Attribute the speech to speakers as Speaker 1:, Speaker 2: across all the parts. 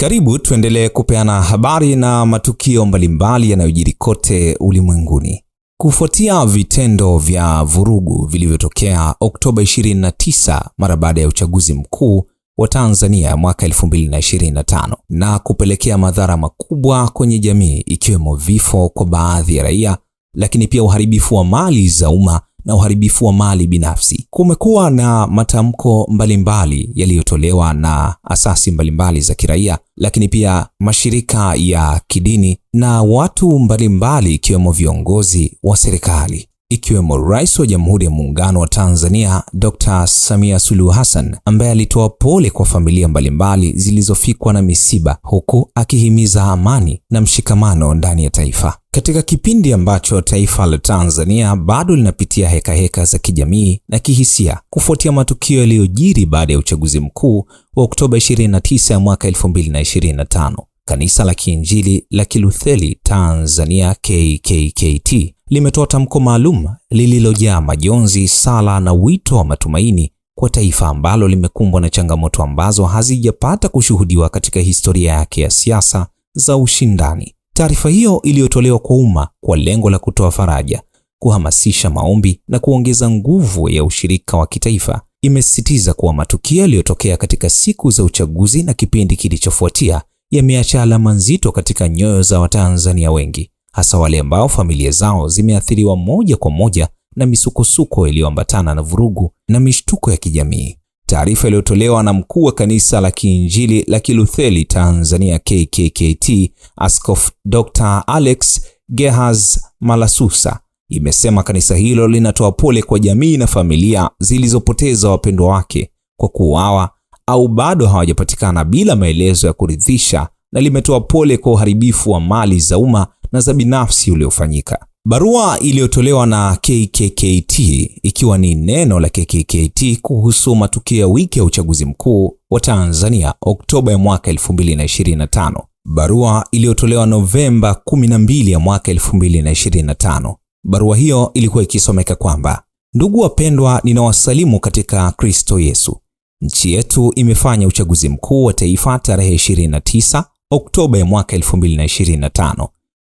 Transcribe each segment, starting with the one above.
Speaker 1: Karibu tuendelee kupeana habari na matukio mbalimbali yanayojiri kote ulimwenguni. Kufuatia vitendo vya vurugu vilivyotokea Oktoba 29 mara baada ya uchaguzi mkuu wa Tanzania mwaka 2025 na kupelekea madhara makubwa kwenye jamii ikiwemo vifo kwa baadhi ya raia, lakini pia uharibifu wa mali za umma na uharibifu wa mali binafsi. Kumekuwa na matamko mbalimbali yaliyotolewa na asasi mbalimbali za kiraia, lakini pia mashirika ya kidini na watu mbalimbali ikiwemo viongozi wa serikali ikiwemo Rais wa Jamhuri ya Muungano wa Tanzania Dr. Samia Suluhu Hassan ambaye alitoa pole kwa familia mbalimbali zilizofikwa na misiba huku akihimiza amani na mshikamano ndani ya taifa. Katika kipindi ambacho taifa la Tanzania bado linapitia hekaheka heka za kijamii na kihisia kufuatia matukio yaliyojiri baada ya uchaguzi mkuu wa Oktoba 29 mwaka 2025. Kanisa la Kiinjili la Kilutheri Tanzania KKKT limetoa tamko maalum lililojaa majonzi, sala na wito wa matumaini kwa taifa ambalo limekumbwa na changamoto ambazo hazijapata kushuhudiwa katika historia yake ya siasa za ushindani. Taarifa hiyo iliyotolewa kwa umma kwa lengo la kutoa faraja, kuhamasisha maombi na kuongeza nguvu ya ushirika wa kitaifa imesisitiza kuwa matukio yaliyotokea katika siku za uchaguzi na kipindi kilichofuatia yameacha alama nzito katika nyoyo za Watanzania wengi, hasa wale ambao familia zao zimeathiriwa moja kwa moja na misukosuko iliyoambatana na vurugu na mishtuko ya kijamii. Taarifa iliyotolewa na mkuu wa kanisa la Kiinjili la Kilutheli Tanzania KKKT Askofu Dr. Alex Gehaz Malasusa imesema kanisa hilo linatoa pole kwa jamii na familia zilizopoteza wapendwa wake kwa kuuawa au bado hawajapatikana bila maelezo ya kuridhisha na limetoa pole kwa uharibifu wa mali za umma na za binafsi uliofanyika. Barua iliyotolewa na KKKT ikiwa ni neno la KKKT kuhusu matukio ya wiki ya uchaguzi mkuu wa Tanzania Oktoba ya mwaka 2025. Barua iliyotolewa Novemba 12 ya mwaka 2025. Barua hiyo ilikuwa ikisomeka kwamba ndugu wapendwa, ninawasalimu katika Kristo Yesu. Nchi yetu imefanya uchaguzi mkuu wa taifa tarehe 29 Oktoba ya mwaka 2025.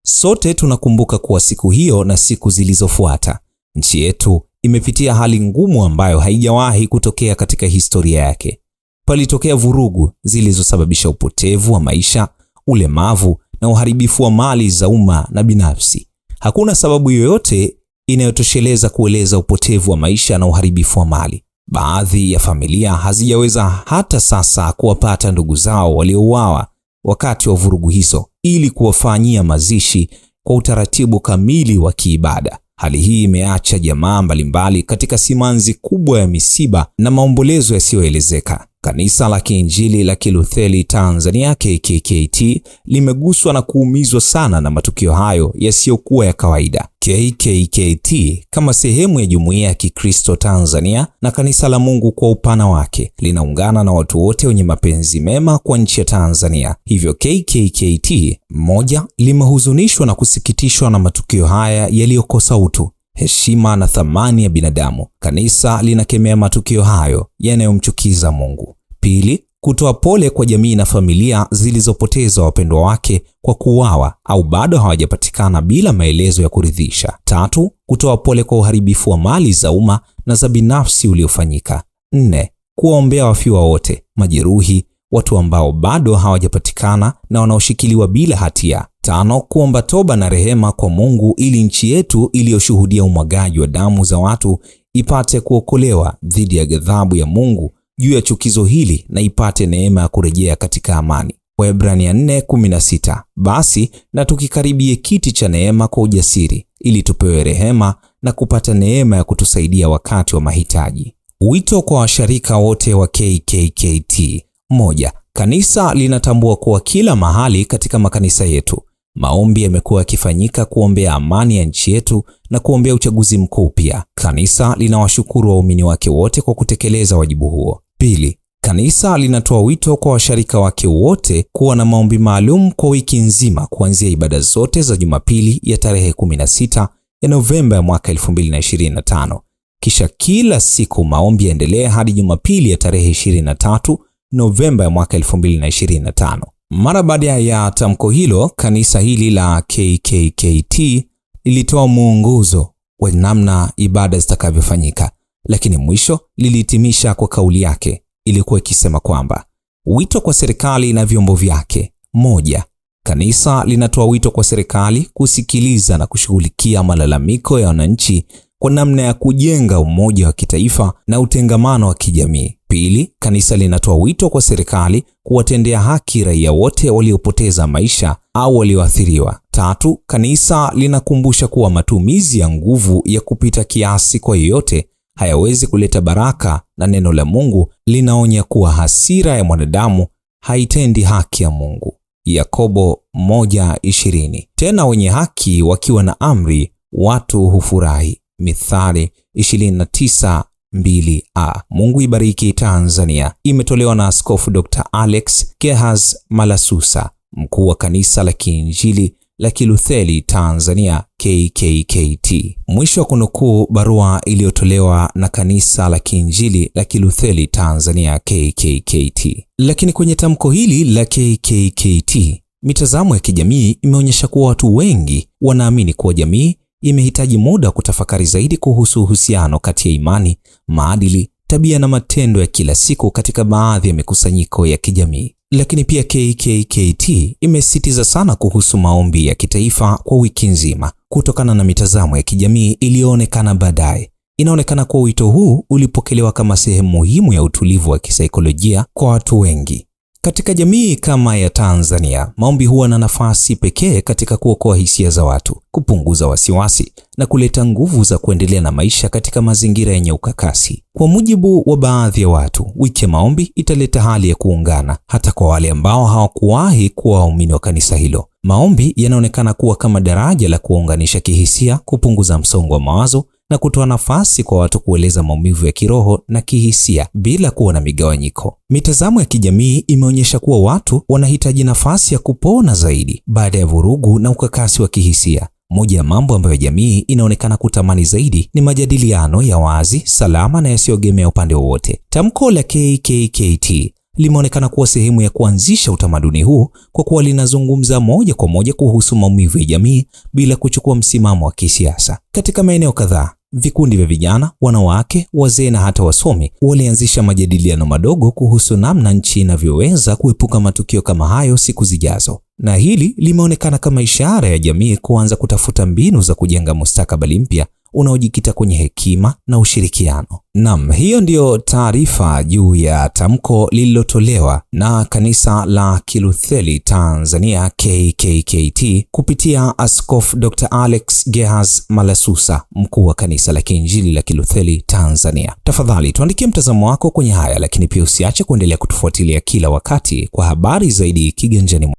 Speaker 1: Sote tunakumbuka kuwa siku hiyo na siku zilizofuata, nchi yetu imepitia hali ngumu ambayo haijawahi kutokea katika historia yake. Palitokea vurugu zilizosababisha upotevu wa maisha, ulemavu na uharibifu wa mali za umma na binafsi. Hakuna sababu yoyote inayotosheleza kueleza upotevu wa maisha na uharibifu wa mali. Baadhi ya familia hazijaweza hata sasa kuwapata ndugu zao waliouawa wakati wa vurugu hizo ili kuwafanyia mazishi kwa utaratibu kamili wa kiibada. Hali hii imeacha jamaa mbalimbali katika simanzi kubwa ya misiba na maombolezo yasiyoelezeka. Kanisa la Kiinjili la Kilutheri Tanzania KKKT limeguswa na kuumizwa sana na matukio hayo yasiyokuwa ya kawaida. KKKT kama sehemu ya jumuiya ya Kikristo Tanzania na kanisa la Mungu kwa upana wake linaungana na watu wote wenye mapenzi mema kwa nchi ya Tanzania. Hivyo KKKT moja, limehuzunishwa na kusikitishwa na matukio haya yaliyokosa utu heshima na thamani ya binadamu. Kanisa linakemea matukio hayo yanayomchukiza Mungu. Pili, kutoa pole kwa jamii na familia zilizopoteza wapendwa wake kwa kuuawa au bado hawajapatikana bila maelezo ya kuridhisha. Tatu, kutoa pole kwa uharibifu wa mali za umma na za binafsi uliofanyika. Nne, kuwaombea wafiwa wote, majeruhi watu ambao bado hawajapatikana na wanaoshikiliwa bila hatia. Tano, kuomba toba na rehema kwa Mungu ili nchi yetu iliyoshuhudia umwagaji wa damu za watu ipate kuokolewa dhidi ya ghadhabu ya Mungu juu ya chukizo hili na ipate neema ya kurejea katika amani. Waebrania 4:16. Basi na tukikaribie kiti cha neema kwa ujasiri ili tupewe rehema na kupata neema ya kutusaidia wakati wa mahitaji. Wito kwa washirika wote wa KKKT moja, kanisa linatambua kuwa kila mahali katika makanisa yetu maombi yamekuwa yakifanyika kuombea amani ya nchi yetu na kuombea uchaguzi mkuu. Pia kanisa linawashukuru waumini wake wote kwa kutekeleza wajibu huo. Pili, kanisa linatoa wito kwa washirika wake wote kuwa na maombi maalum kwa wiki nzima kuanzia ibada zote za Jumapili ya tarehe 16 ya Novemba ya mwaka 2025. Kisha kila siku maombi yaendelee hadi Jumapili ya tarehe 23 Novemba ya mwaka 2025. Mara baada ya tamko hilo, kanisa hili la KKKT lilitoa mwongozo wa namna ibada zitakavyofanyika, lakini mwisho lilihitimisha kwa kauli yake ilikuwa ikisema kwamba wito kwa serikali na vyombo vyake. Moja, kanisa linatoa wito kwa serikali kusikiliza na kushughulikia malalamiko ya wananchi kwa namna ya kujenga umoja wa kitaifa na utengamano wa kijamii. Pili, kanisa linatoa wito kwa serikali kuwatendea haki raia wote waliopoteza maisha au walioathiriwa. Tatu, kanisa linakumbusha kuwa matumizi ya nguvu ya kupita kiasi kwa yoyote hayawezi kuleta baraka, na neno la Mungu linaonya kuwa hasira ya mwanadamu haitendi haki ya Mungu. Yakobo 1:20. Tena wenye haki wakiwa na amri watu hufurahi. Mithali 29 2a. Mungu ibariki Tanzania imetolewa na Askofu Dr. Alex Kehas Malasusa, mkuu wa kanisa la Kiinjili la Kilutheli Tanzania KKKT. Mwisho wa kunukuu barua iliyotolewa na kanisa la Kiinjili la Kilutheli Tanzania KKKT. Lakini kwenye tamko hili la KKKT, mitazamo ya kijamii imeonyesha kuwa watu wengi wanaamini kuwa jamii imehitaji muda wa kutafakari zaidi kuhusu uhusiano kati ya imani, maadili, tabia na matendo ya kila siku katika baadhi ya mikusanyiko ya kijamii. Lakini pia KKKT imesisitiza sana kuhusu maombi ya kitaifa kwa wiki nzima kutokana na mitazamo ya kijamii iliyoonekana baadaye. Inaonekana kuwa wito huu ulipokelewa kama sehemu muhimu ya utulivu wa kisaikolojia kwa watu wengi. Katika jamii kama ya Tanzania, maombi huwa na nafasi pekee katika kuokoa hisia za watu, kupunguza wasiwasi na kuleta nguvu za kuendelea na maisha katika mazingira yenye ukakasi. Kwa mujibu wa baadhi ya watu, wiki ya maombi italeta hali ya kuungana hata kwa wale ambao hawakuwahi kuwa waumini wa kanisa hilo. Maombi yanaonekana kuwa kama daraja la kuwaunganisha kihisia, kupunguza msongo wa mawazo na kutoa nafasi kwa watu kueleza maumivu ya kiroho na kihisia bila kuwa na migawanyiko. Mitazamo ya kijamii imeonyesha kuwa watu wanahitaji nafasi ya kupona zaidi baada ya vurugu na ukakasi wa kihisia. Moja ya mambo ambayo jamii inaonekana kutamani zaidi ni majadiliano ya wazi, salama na yasiyogemea upande wowote. Tamko la KKKT limeonekana kuwa sehemu ya kuanzisha utamaduni huu kwa kuwa linazungumza moja kwa moja kuhusu maumivu ya jamii bila kuchukua msimamo wa kisiasa. Katika maeneo kadhaa, Vikundi vya vijana, wanawake, wazee na hata wasomi walianzisha majadiliano madogo kuhusu namna nchi inavyoweza kuepuka matukio kama hayo siku zijazo, na hili limeonekana kama ishara ya jamii kuanza kutafuta mbinu za kujenga mustakabali mpya unaojikita kwenye hekima na ushirikiano. Naam, hiyo ndiyo taarifa juu ya tamko lililotolewa na Kanisa la kilutheli Tanzania KKKT kupitia Askofu Dr. Alex Gehas Malasusa, mkuu wa Kanisa la Kiinjili la kilutheli Tanzania. Tafadhali tuandikie mtazamo wako kwenye haya, lakini pia usiache kuendelea kutufuatilia kila wakati kwa habari zaidi kiganjani.